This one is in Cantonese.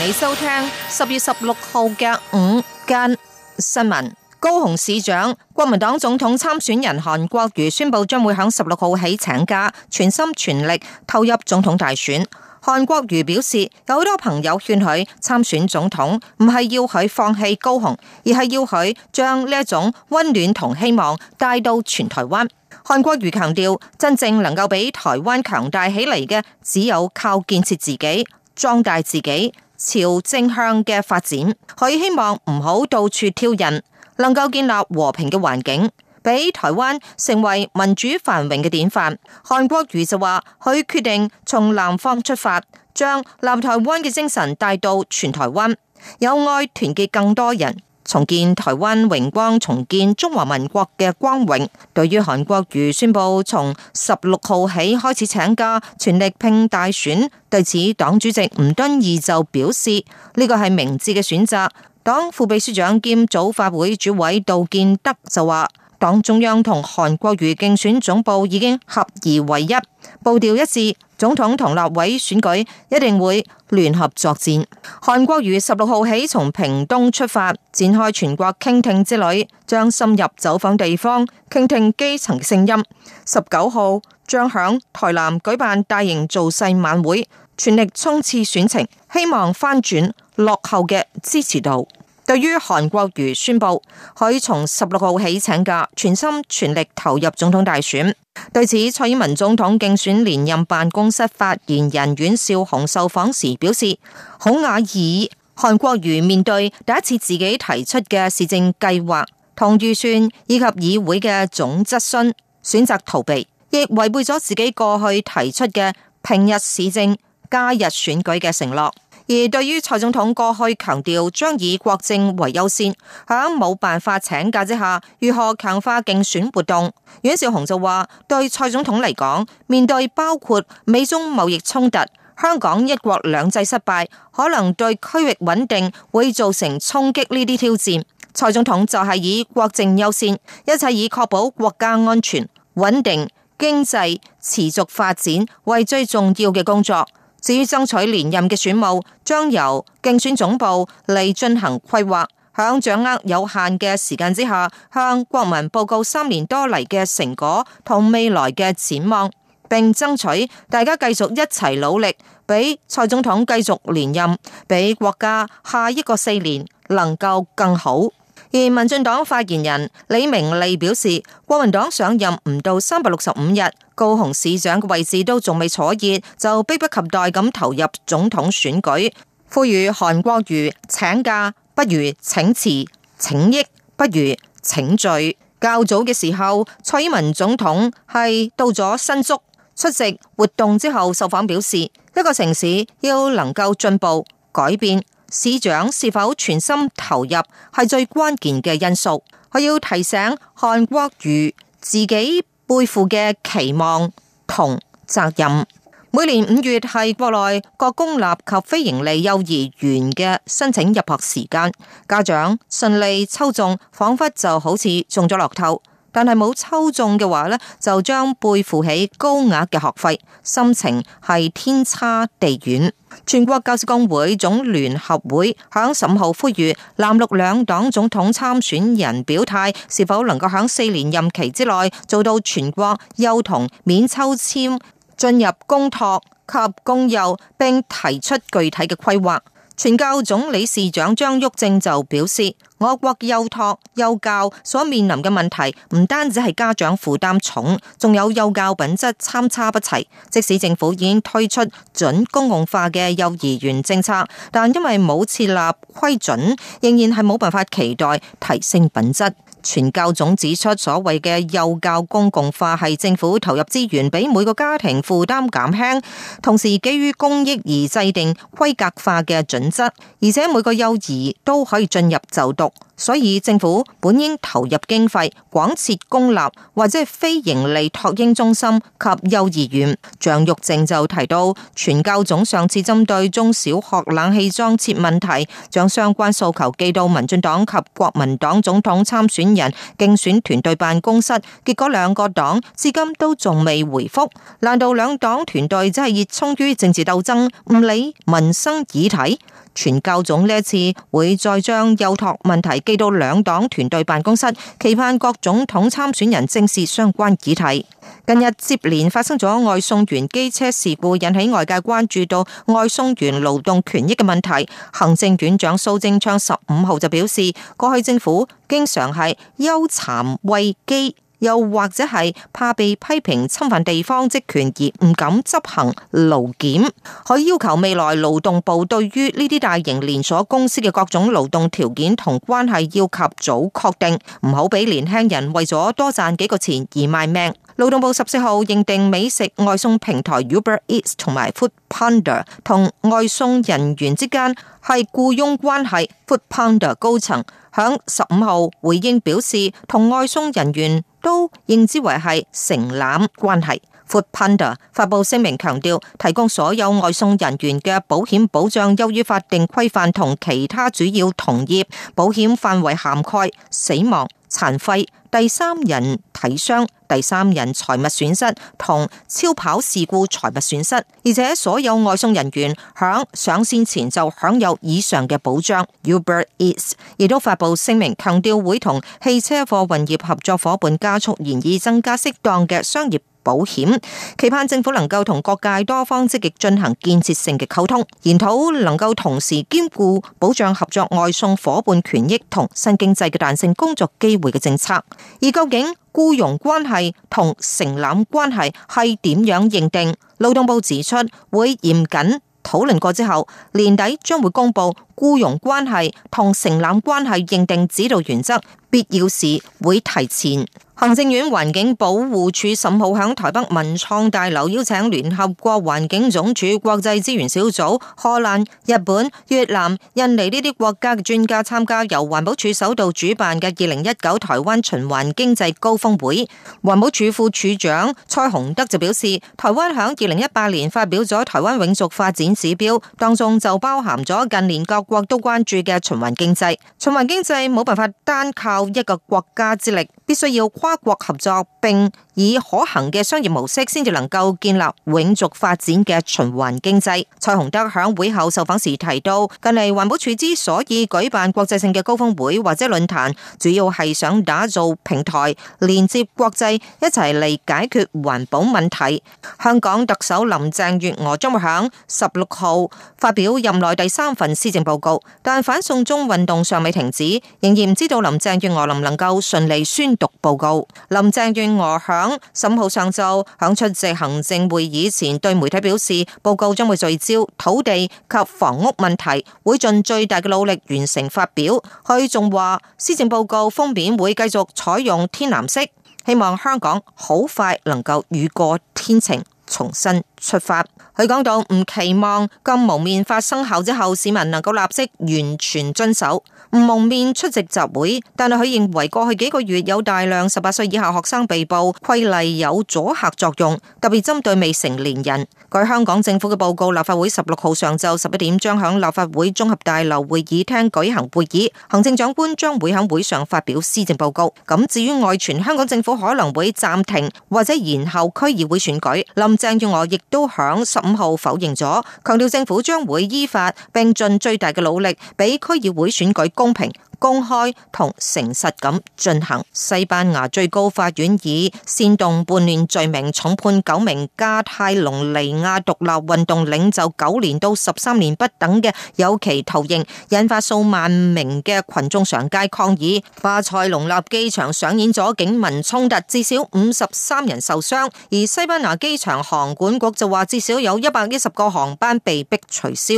你收聽十月十六號嘅午間新聞。高雄市長、國民黨總統參選人韓國瑜宣布將會響十六號起請假，全心全力投入總統大選。韓國瑜表示，有好多朋友勸佢參選總統，唔係要佢放棄高雄，而係要佢將呢一種溫暖同希望帶到全台灣。韓國瑜強調，真正能夠俾台灣強大起嚟嘅，只有靠建設自己，壯大自己。朝正向嘅發展，佢希望唔好到處挑釁，能夠建立和平嘅環境，俾台灣成為民主繁榮嘅典範。韓國瑜就話，佢決定從南方出發，將南台灣嘅精神帶到全台灣，有愛團結更多人，重建台灣榮光，重建中華民國嘅光榮。對於韓國瑜宣布從十六號起開始請假，全力拼大選，對此黨主席吳敦義就表示呢個係明智嘅選擇。黨副秘書長兼組發會主委杜建德就話。黨中央同韓國瑜競選總部已經合而為一，步調一致。總統同立委選舉一定會聯合作戰。韓國瑜十六號起從屏東出發，展開全國傾聽之旅，將深入走訪地方，傾聽基層聲音。十九號將響台南舉辦大型造勢晚會，全力衝刺選情，希望翻轉落後嘅支持度。對於韓國瑜宣布佢從十六號起請假，全心全力投入總統大選，對此蔡英文總統競選連任辦公室發言人阮少雄受訪時表示：好訝異韓國瑜面對第一次自己提出嘅市政計劃同預算，以及議會嘅總質詢，選擇逃避，亦違背咗自己過去提出嘅平日市政假日選舉嘅承諾。而對於蔡總統過去強調將以國政為優先，喺冇辦法請假之下，如何強化競選活動？阮紹雄就話：對蔡總統嚟講，面對包括美中貿易衝突、香港一國兩制失敗，可能對區域穩定會造成衝擊呢啲挑戰，蔡總統就係以國政優先，一切以確保國家安全、穩定、經濟持續發展為最重要嘅工作。至於爭取連任嘅選務，將由競選總部嚟進行規劃，響掌握有限嘅時間之下，向國民報告三年多嚟嘅成果同未來嘅展望，並爭取大家繼續一齊努力，俾蔡總統繼續連任，俾國家下一個四年能夠更好。而民進黨發言人李明利表示，國民黨上任唔到三百六十五日，高雄市長嘅位置都仲未坐熱，就迫不及待咁投入總統選舉，呼籲韓國瑜請假不如請辭，請益不如請罪。較早嘅時候，蔡英文總統係到咗新竹出席活動之後，受訪表示，一個城市要能夠進步改變。市長是否全心投入係最關鍵嘅因素。我要提醒韓國瑜自己背負嘅期望同責任。每年五月係國內各公立及非盈利幼兒園嘅申請入學時間，家長順利抽中，仿佛就好似中咗樂透。但係冇抽中嘅話呢，就將背負起高額嘅學費，心情係天差地遠。全國教師工會總聯合會響十五號呼籲，藍綠兩黨總統參選人表態是否能夠喺四年任期之內做到全國幼童免抽簽進入公托及公幼，並提出具體嘅規劃。前教總理事長張旭政就表示，我國幼託、幼教所面臨嘅問題，唔單止係家長負擔重，仲有幼教品質參差不齊。即使政府已經推出準公共化嘅幼兒園政策，但因為冇設立規準，仍然係冇辦法期待提升品質。全教總指出，所謂嘅幼教公共化係政府投入資源，俾每個家庭負擔減輕，同時基於公益而制定規格化嘅準則，而且每個幼兒都可以進入就讀。所以政府本應投入經費，廣設公立或者非盈利托嬰中心及幼兒園。張玉靜就提到，全教總上次針對中小學冷氣裝設問題，將相關訴求寄到民進黨及國民黨總統參選人競選團隊辦公室，結果兩個黨至今都仲未回復。難道兩黨團隊真係熱衷於政治鬥爭，唔理民生議題？全教總呢一次會再將幼托問題寄到兩黨團隊辦公室，期盼各總統參選人正視相關議題。近日接連發生咗外送員機車事故，引起外界關注到外送員勞動權益嘅問題。行政院長蘇貞昌十五號就表示，過去政府經常係憂讒畏譏。憂又或者係怕被批評侵犯地方職權而唔敢執行勞檢，可以要求未來勞動部對於呢啲大型連鎖公司嘅各種勞動條件同關係要及早確定，唔好俾年輕人為咗多賺幾個錢而賣命。勞動部十四號認定美食外送平台 Uber Eats 同埋 Foodpanda 同、er、外送人員之間係雇傭關係。Foodpanda、er、高層響十五號回應表示，同外送人員都認知為係承攬關係。Foodpanda、er、發布聲明強調，提供所有外送人員嘅保險保障優於法定規範同其他主要同業保險範圍涵蓋死亡殘廢。第三人體傷、第三人財物損失同超跑事故財物損失，而且所有外送人員響上線前就享有以上嘅保障。Uber Eats、e、亦都發佈聲明，強調會同汽車貨運業合作夥伴加速研議增加適當嘅商業。保險，期盼政府能夠同各界多方積極進行建設性嘅溝通，研討能夠同時兼顧保障合作外送夥伴權益同新經濟嘅彈性工作機會嘅政策。而究竟僱傭關係同承攬關係係點樣認定？勞動部指出會嚴謹討論過之後，年底將會公布。僱傭關係同承攬關係認定指導原則，必要時會提前。行政院環境保護署上午響台北文創大樓邀請聯合國環境總署、國際資源小組、荷蘭、日本、越南、印尼呢啲國家嘅專家參加由環保署首度主辦嘅二零一九台灣循環經濟高峰會。環保署副署長蔡洪德就表示，台灣響二零一八年發表咗台灣永續發展指標，當中就包含咗近年各。各國都關注嘅循環經濟，循環經濟冇辦法單靠一個國家之力，必須要跨國合作，並以可行嘅商業模式，先至能夠建立永續發展嘅循環經濟。蔡宏德喺會後受訪時提到，近嚟環保署之所以舉辦國際性嘅高峰會或者論壇，主要係想打造平台，連接國際一齊嚟解決環保問題。香港特首林鄭月娥將會喺十六號發表任內第三份施政報告。報告，但反送中運動尚未停止，仍然唔知道林鄭月娥能唔能夠順利宣讀報告。林鄭月娥響十五號上晝響出席行政會議前，對媒體表示，報告將會聚焦土地及房屋問題，會盡最大嘅努力完成發表。佢仲話，施政報告封面會繼續採用天藍色，希望香港好快能夠雨過天晴。重新出發。佢講到唔期望禁蒙面法生效之後，市民能夠立即完全遵守。唔蒙面出席集會，但係佢認為過去幾個月有大量十八歲以下學生被捕，規例有阻嚇作用，特別針對未成年人。據香港政府嘅報告，立法會十六號上晝十一點將響立法會綜合大樓會議廳舉行會議，行政長官將會響會上發表施政報告。咁至於外傳香港政府可能會暫停或者延後區議會選舉，林鄭月娥亦都響十五號否認咗，強調政府將會依法，並盡最大嘅努力俾區議會選舉，公平、公開同誠實咁進行。西班牙最高法院以煽動叛亂罪名重判九名加泰隆尼亞獨立運動領袖九年到十三年不等嘅有期徒刑，引發數萬名嘅群眾上街抗議。巴塞隆納機場上演咗警民衝突，至少五十三人受傷，而西班牙機場航管局就話至少有一百一十個航班被迫取消。